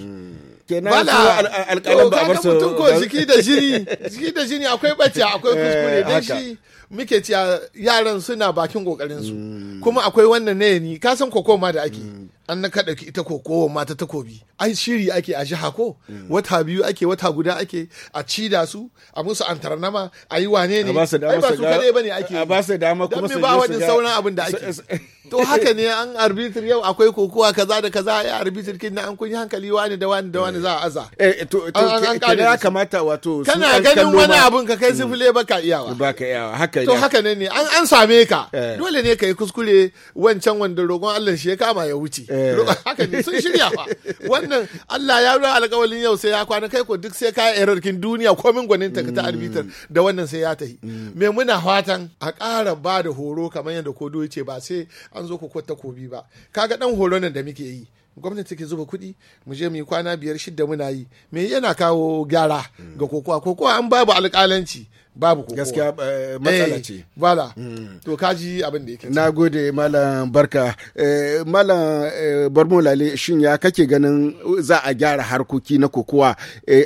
kenan wala alƙalan ba bar su mutum ko jiki da jini jiki da jini akwai bace akwai (laughs) eh, kuskure dan shi muke cewa yaran suna bakin kokarin su mm. kuma akwai wannan ne ni ka san koko ma da ake mm. an na kada ita koko ma ta takobi ai shiri ake a jiha ko mm. wata biyu ake wata guda ake a ci da su a musu antarnama a yi wane ne ai ba su kadai bane ake a ba su dama kuma su ba wani sauran abin da (laughs) ake to haka ne an arbitr yau akwai kokowa kaza da kaza ya arbitr kin an kun yi hankali wani da wani da wani za a aza eh, eh to kana ya kamata wato kana ganin wani abun ka kai mm. sifile ba ka iyawa ka iyawa haka ne to haka ne ne an an same ka eh. dole ne kai kuskure wancan wanda rogon Allah shi ya kama ya wuce eh. haka ne sun shirya fa (laughs) wannan Allah ya ruwa alƙawalin yau sai ya kwana kai ko duk sai ka error kin duniya komin gwanin ta ta mm. arbitr da wannan sai ya tahi mm. me muna fatan a ƙara ba da horo kamar yadda kodo ce ba sai an zo kwata takobi ba kaga dan nan da muke yi gwamnati ke zuba kuɗi mu je mu yi kwana biyar shidda muna yi me yana kawo gyara ga kokowa kokowa an babu alƙalanci babu kokowa gaskiya eh, matsala ce bala eh, hmm. to kaji abin da yake na gode malam barka eh, malam barmolale shin ya kake ganin za a gyara harkoki na kokowa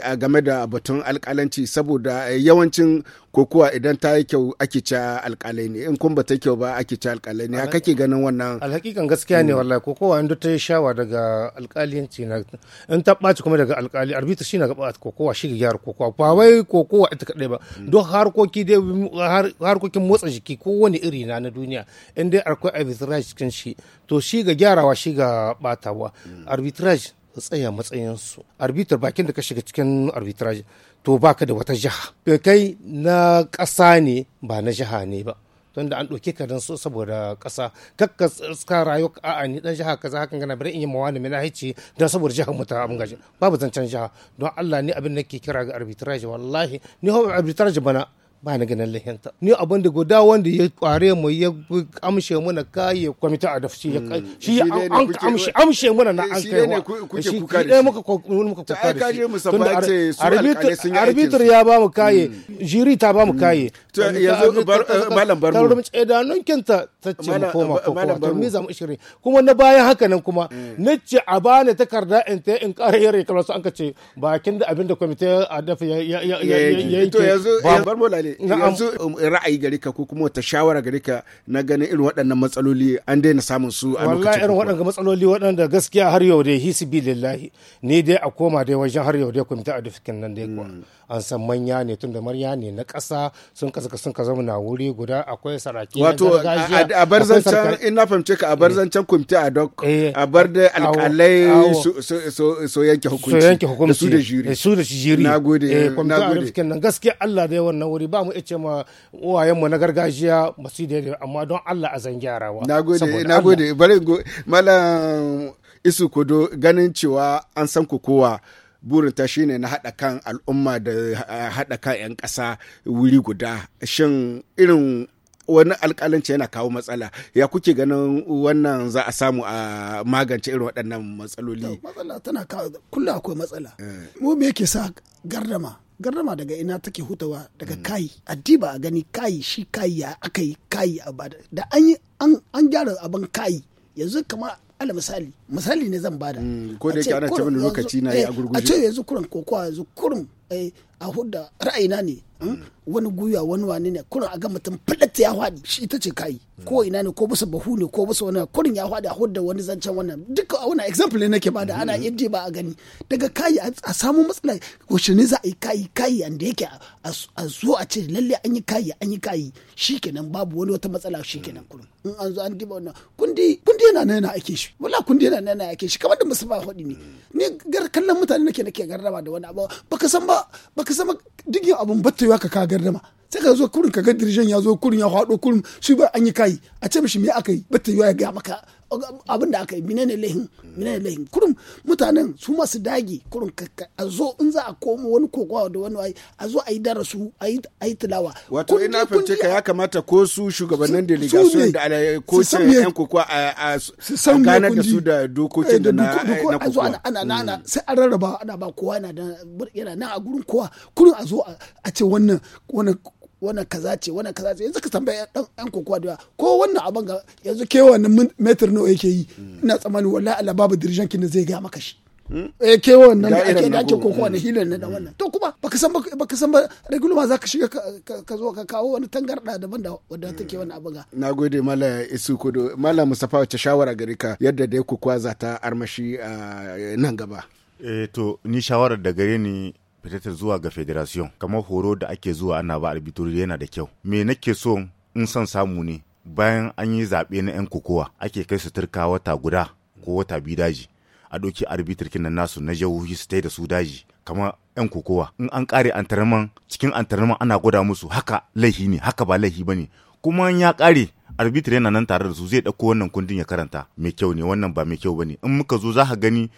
a game da batun alƙalanci saboda yawancin ko kuwa idan ta yi kyau ake ci alkalai ne in kun ba ta kyau ba ake ci alkalai ne haka kake ganin wannan alhakikan gaskiya ne mm. wallahi ko kowa inda ta yi shawa daga alkaliyanci na in ta ɓaci kuma daga alkali arbita shi na gaba ko kowa shi ga gyara ko kowa ba wai ko kowa ita kaɗai ba mm. don harkoki dai harkokin motsa jiki ko wani iri na na duniya in dai akwai arbitrage cikin shi to shi ga gyarawa shi ga ɓatawa mm. arbitrage tsaya matsayinsu arbitrar bakin da ka shiga cikin arbitrage to baka da wata jiha kai na ƙasa ne ba na jiha ne ba don da an ɗauke ka don so saboda ƙasa kakka tsaka rayu a'a ni dan jiha kaza hakan gana bari in yi mawa ne mina hici don saboda jihar mu ta gaji babu zancen jiha don Allah ne abin nake kira ga arbitraje wallahi ni ho arbitrage bana ba na ganin lahinta ni abin da guda wanda ya kware mu ya amshe muna kaye kwamita a dafci ya kai mm. shi an amshe amshe muna na eh, an kai shi ne muka muka kuka da shi tun da arbitr ya ba mu kaye mm. jiri ta ba mu mm. kaye to yanzu malam bar nan kinta ta ce mu koma ko to mi zamu shiri kuma na bayan haka nan kuma nace a bani takarda in ta in kare yare kamar su an ka ce bakin da abin da kwamita a dafa ya ya ya to yanzu yanzu um, ra'ayi gare ka ko kuma wata shawara gare ka na ganin irin waɗannan matsaloli an daina samun su a lokacin wallahi irin waɗannan matsaloli waɗanda gaskiya har yau dai hisibi lillahi ni dai a koma dai wajen har yau dai kwamita a nan dai kuwa mm. an san manya ne tun da marya ne na ƙasa sun kasa sun ka zama na wuri guda akwai saraki wato a bar zancen in na fahimce ka a bar eh. zancen kumte a dok eh. a bar da alƙalai so yanke hukunci so yanke hukunci eh, su da jiri su da jiri gode nagode nan gaskiya Allah da wannan wuri ba mu ice ma uwayen mu na gargajiya ba su da amma don Allah a zan gyarawa na gode bare malam isu kodo ganin cewa an san kowa burin burinta shine na haɗa kan al'umma da eh, haɗa kan 'yan ƙasa wuri guda shin irin wani alƙalanci yana kawo matsala ya kuke ganin wannan za a samu a magance irin waɗannan matsaloli matsala tana kawo kullum akwai matsala eh. mu me yake sa gardama gardama daga ina take hutawa daga mm. kayi addiba a gani kayi shi kayi ya aka yi kayi a bada da an gyara abin kayi yanzu kama. ala misali misali ne zan bada mm, ko da yake ana cewa lokaci na ya eh, a gurguje a ce yanzu kurin kokowa yanzu kurin eh, a hudda ra'ayina ne hmm? wani gwiwa wani wani ne kurin a ga mutum fadatta ya hwadi shi ita ce kayi ko ina ne ko bisa bahu ne ko bisa wani kurin ya hwadi a hudda wani zancen wannan duka a wani example ne nake bada ana mm-hmm. yadda ba a gani daga kayi a samu matsala wacce ne za a yi kayi kayi yanda yake a zo a ce lalle an yi kayi an yi kayi kenan babu wani wata matsala kenan kurin in an zo an diba wannan kundi kundi yana nan yana ake shi wala kundi yana nan yana ake shi kamar da musu ba hudi ne ni gar kallon mutane nake nake garraba da wani abu baka san ba Ka sama digin abun battaiwa ka ka gardama sai ka zo kurin ka ga dirijan ya zo kurin ya faɗo kurin shi ba an yi kai a ce mishi me aka yi battaiwa ya ga maka abin da aka yi menene lahin menene lahin kurum mutanen su masu dagi dage kurum a zo in za a komo wani kokowa da wani ai a zo a yi darasu a yi tilawa wato na fahimci ka ya kamata ko su shugabannin delegation da ko ce yan kokowa a ganar da su da dokokin da eh, na eh, kokowa ana ana mm. sai an rarraba ana ba kowa yana nan a gurin kowa kurum a zo a ce wannan wannan wannan kaza ce wannan kaza ce yanzu ka tambaya dan yan kokowa da ko wannan abin ga yanzu ke wannan metir nawa yake yi ina tsammani wallahi Allah babu dirijan kin da zai ga maka shi eh ke wannan da ake da ake kokowa da mm. hilar na da wannan to kuma baka san baka san ba reguluma zaka shiga ka zo ka kawo wani tangarda daban da wanda mm. take wannan abin ga nagode Mallam, isu kodo mallam mustafa wace shawara gare ka yadda dai kokowa za ta armashi ah, nan gaba eh to ni shawara da gare ni fitattar zuwa ga federation kamar horo da ake zuwa ana ba arbitori yana da kyau me nake so in son samu ne bayan an yi zaɓe na 'yan kokowa ake kai su turka wata guda ko wata biyu daji a ɗauki arbitirkin nan nasu na jihohi su tai da su daji kamar 'yan kokowa in an ƙare antarman cikin antarman ana gwada musu haka laihi ne haka ba laihi ba ne kuma ya kare arbitri yana nan tare da su zai ɗauko wannan kundin ya karanta mai kyau ne wannan ba mai kyau ba ne in muka zo za ka gani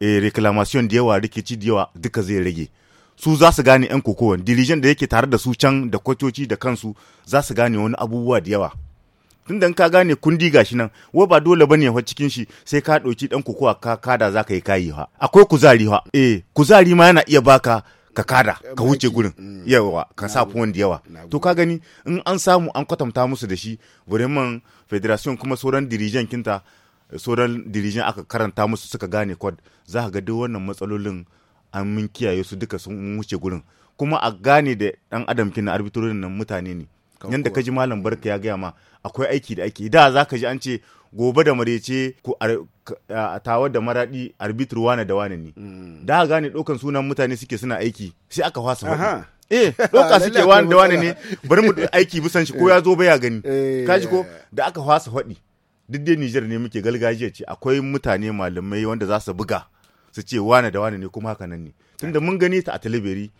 eh, reclamation da yawa rikici da yawa duka zai rage su za su gane 'yan kokowan dirijin da yake tare da su can da kwatoci da kansu za su gane wani abubuwa da yawa tunda ka gane kundi gashi nan wai ba dole bane fa cikin shi sai ka ɗauki ɗan kokowa ka kada za ka yi kayi fa akwai kuzari fa eh kuzari ma yana iya baka ka kada ka wuce gurin mm. yawa ka sa da yawa to ka gani in an samu an kwatanta musu da shi vraiment federation kuma sauran dirijen kinta sauran dirijen aka karanta musu suka gane kod za ka ga duk wannan matsalolin an mun kiyaye su duka sun wuce gurin kuma a gane da dan adam kina arbitororin nan mutane ne yanda ka ji malam barka ya gaya ma akwai aiki da ake da za ka ji an ce gobe da marece ko a tawar da maradi arbitru wane da wane ne mm. da gane ɗaukan sunan mutane suke suna aiki sai aka fasa eh doka (laughs) suke wani da wani ne bari mu aiki bisan shi ko ya eh. zo baya gani eh. kaji ko da aka fasa hodi duk dai Nijar ne muke galgajiya ce akwai mutane malamai wanda za su buga su ce wane da wane ne kuma haka nan ne tunda mun gani ta a talabiri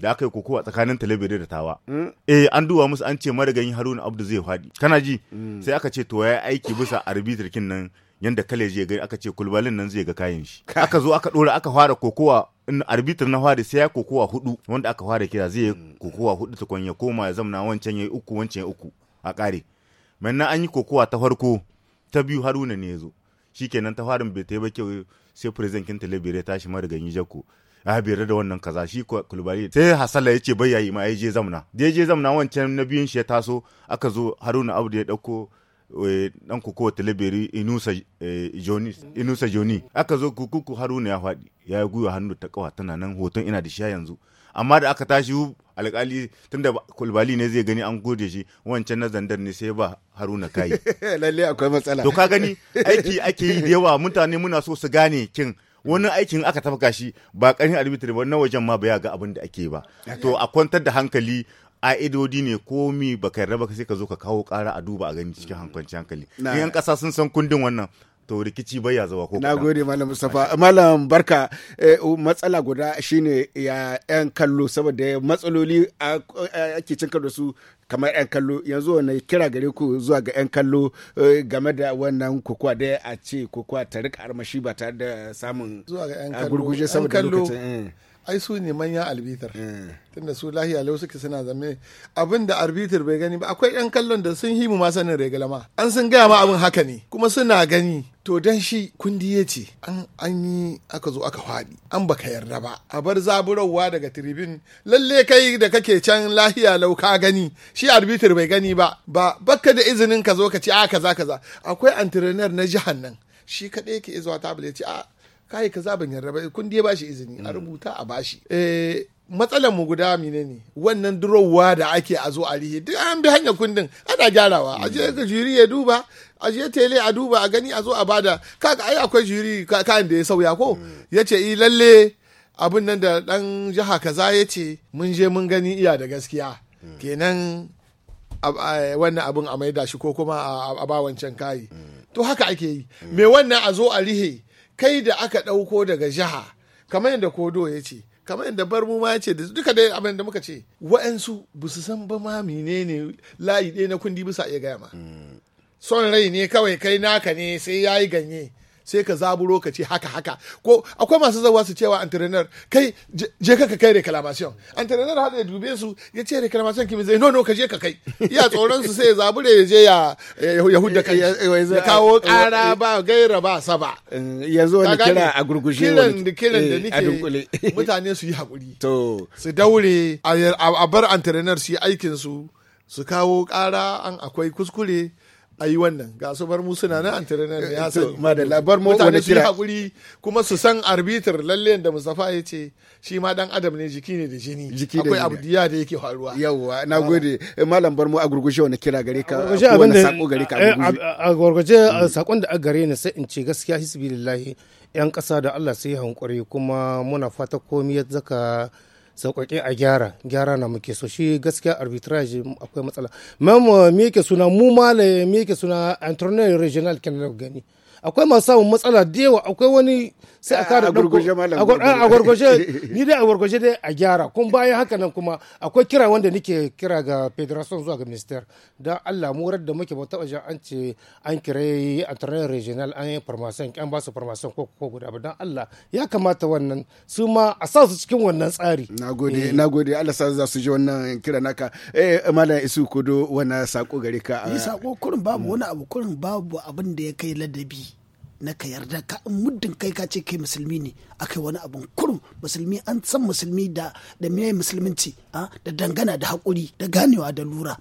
da aka yi kokowa tsakanin talabiri da tawa mm. eh an duba musu an ce marigayin haruna abdu zai faɗi kana ji mm. sai aka ce to ya aiki bisa arbitrikin nan yanda kale zai gani aka ce kulbalin nan zai ga kayan shi aka zo aka dora aka fara kokowa in arbitr na fari sai ya kokowa hudu wanda aka fara kira zai yi mm. kokowa hudu tukun ya koma ya zamna wancan ya uku wancan ya uku a kare manna an yi kokowa ta farko ta biyu haruna ne ya zo shi kenan ta farin bai ta yi ba kyau sai president kin shi tashi marigayi jako a bere da wannan kaza shi kulbari sai hasala ya ce bai yayi ma ya je zamna da ya je zamna wancan na biyun shi ya taso aka zo haruna abu da ya dauko dan eh, kuko talibiri inusa eh, joni inusa joni aka zo kuku haruna ya faɗi ya yi gwiwa hannu ta kawa tana nan hoton ina da shi yanzu amma da aka tashi alkali da kulbali ne zai gani an gode shi wancan na zandar ne sai ba haruna kayi (laughs) lalle akwai matsala to ka gani (laughs) aiki ake yi da yawa mutane muna so su gane kin wani aikin aka tafka shi ba karin arbitri ba na wajen ma baya ga abin da ake ba to a kwantar da hankali idodi ne komi ba ka yarda ba sai ka zo ka kawo kara a duba a gani cikin hankali in yan kasa sun san kundin wannan to rikici bai ya zawa ko na gode malam Mustapha. malam barka eh, matsala guda shine ya yan kallo saboda matsaloli ake cin da su kamar 'yan kallo yanzu wani kira gare ku zuwa ga 'yan kallo eh, game da wannan kokowa da a ce kokowa ta rika armashi ba tare da samun gurguje saboda lokacin eh. ai su ne manyan arbitar eh. tunda su lahiya lau suke suna zame abin da arbitar bai gani ba akwai yan kallon da sun himu ma sanin regalama an sun gaya ma abin haka ne kuma suna gani to dan shi kundi ya ce an yi aka zo aka faɗi an baka yarda ba a bar zaburarwa daga tribune lalle kai da kake can lahiya lau ka gani shi arbitar bai gani ba ba bakka da izinin ka zo ka ce a kaza kaza akwai antrenar na jihar nan shi kaɗai ke zuwa tablet ce a kai kaza ban yarda ba kun dai bashi izini a mm. rubuta a bashi eh matsalar mu guda mine ne wannan durowa da ake a zo a rihe duk an bi hanyar kundin ana gyarawa a je ga mm. jiri ya duba a je tele a duba a gani a zo a bada kaga ai akwai jiri kayan da ya sauya ko mm. yace i eh, lalle abin nan da dan jiha kaza ya ce mun je mun gani iya da gaskiya kenan eh, wannan abin a maida shi ko kuma a ba wancan kayi to haka ake yi me wannan a zo a rihe kai da aka ɗauko daga jiha kamar yadda kodo ya ce kamar yadda barmu ma ce da duka dai abin da muka ce wa'ansu ba su san ba ma ne layi ɗaya na kundi bisa iya gaya ma mm. son rai ne kawai kai naka ne sai ya yi ganye sai ka zaburo ka ce haka haka ko akwai masu zawa su cewa entrepreneur kai je ka kai reclamation entrepreneur hada ya dube su ya ce reclamation kimi zai no no ka je ka kai ya tsoron su sai ya zabure ya je ya ya hudda kai ya kawo kara ba gaira ba saba eh, yanzu wani kira a gurgushe wani kiran da eh, nike (laughs) mutane su yi hakuri to su daure a bar entrepreneur su yi aikin su su kawo kara an akwai kuskure a yi wannan ga su bar mu na nan antrenar ne ya sani da labar mu wani kira hakuri kuma su san arbiter lalle da Mustafa ya ce shi ma dan adam ne jiki ne da jini akwai abdiya da yake faruwa yawa nagode eh, malam bar mu a gurgushe wani kira gare ka wani sako gare ka a eh, gurgushe sakon da a gare ni sai in ce gaskiya lillahi yan kasa da Allah sai hankuri kuma muna fata komai zaka sauƙaƙe a gyara gyara na muke so shi gaskiya arbitrage akwai matsala mamu me yake suna mu mala me yake suna entrepreneur regional kenan gani akwai masu samun matsala da yawa akwai wani sai a kara a gwargwaje (laughs) ni dai a gwargwaje dai a gyara kun bayan haka nan kuma akwai kira wanda nike kira ga federation zuwa ga minister don allah mu da muke ba taba jan an ce an kire antrenar regional an yi farmasan an ba su farmasan ko ko guda ba don allah ya kamata wannan su ma a sa su cikin wannan tsari nagode eh. nagode allah sa za su ji wannan kira naka eh malam isu kodo wannan sako gare ka ni sako kurin babu wani abu kurin babu abin da ya kai ladabi na ka yarda ka in muddin kai ka ce kai musulmi ne akai wani abun kurum musulmi an san musulmi da da meye musulminci ah, da dangana da haƙuri da ganewa da lura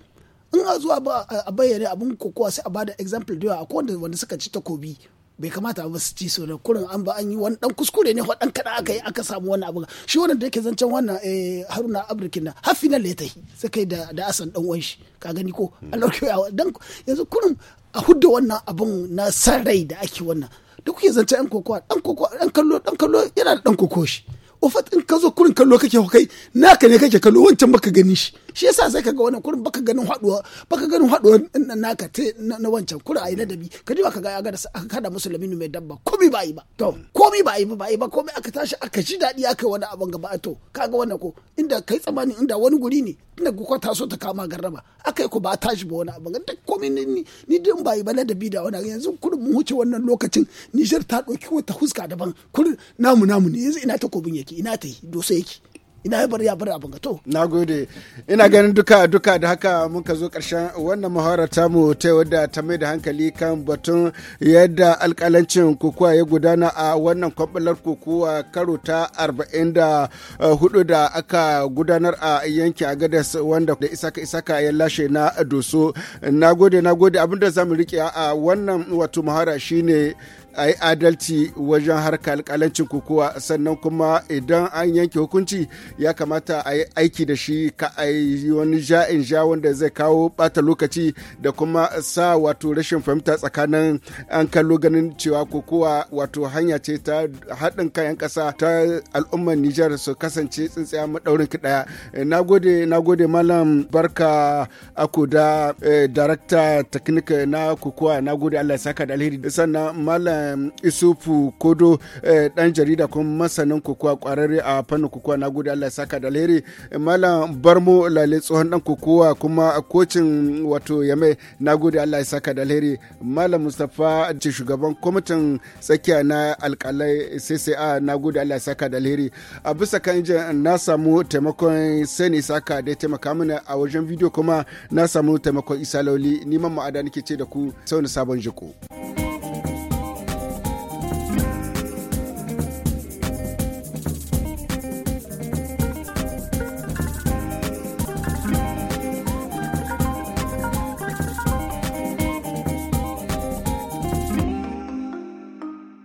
in a zuwa a bayyana abun kokowa sai a bada example da yawa akwai wanda suka ci takobi bai kamata ba su ci so da kurin an ba an yi wani dan kuskure ne dan kada aka yi aka samu wani abu shi wannan da yake zancen wannan eh, haruna abrikin na har final ya yi sai kai da asan dan uwan shi ka gani ko allah dauke dan yanzu kurin a hudda wannan abun na san rai da ake wannan da kuke zance ɗan kokowa ɗan kokowa kallo kallo yana da ɗan kokoshi shi ofat in ka zo kurin kallo kake kai naka ne kake kallo wancan baka gani shi shi yasa sai ka ga wannan kurin baka ganin haduwa baka ganin haduwa naka te na wancan kurin ayi ladabi ka ji ka ga ya gada aka kada musulmi ne mai dabba komi ba yi ba to komi ba yi ba yi ba komi aka tashi aka ji dadi aka wani abin gaba to ga wannan ko inda kai tsamani inda wani guri ne inda kuka taso ta kama garraba aka yi ku ba tashi ba wani abin da komi ni ni din ba yi ba ladabi da wani yanzu kurin mun huce wannan lokacin Nijar ta ɗauki wata huska daban kurin namu namu ne yanzu ina ta kobin yake ina ta yi dosa yake ina ya bar abin gato na gode ina ganin duka duka da haka muka zo karshen wannan muhawara ta mu ta wadda ta mai da hankali kan batun yadda alkalancin kokowa ya gudana a wannan kwabbalar kokowa karo ta 44 eh, da aka gudanar a yanki gadas wanda da isaka isaka ya lashe na doso na gode na gode abinda zamu rike a wannan wato muhawara shine a yi adalci wajen harka alkalancin kokowa sannan kuma idan an yanke hukunci ya kamata a yi aiki da shi ka a yi wani ja'in ja wanda zai kawo bata lokaci da kuma sa wato rashin fahimta tsakanin an kallo ganin cewa kokowa wato hanya ce ta haɗin kayan ƙasa ta al'ummar Nijar su kasance tsintsiya maɗaurin ki ɗaya. Eh, nagode nagode malam barka aku da eh, darakta teknik na kokowa nagode Allah ya saka da alheri sannan malam isufu kodo eh, dan jarida kuma masanin kokowa kwararre a fannin kokowa na gode allah saka da alheri malam barmo lale tsohon dan kokowa kuma kocin wato yame na gode allah saka da alheri malam mustapha ce shugaban kwamitin tsakiya na alkalai cca na gode allah saka da alheri a bisa kan jin na samu taimakon sani saka da taimaka mana a wajen bidiyo kuma na samu taimakon isa lauli neman ma'ada nake ce da ku sau sabon jiko.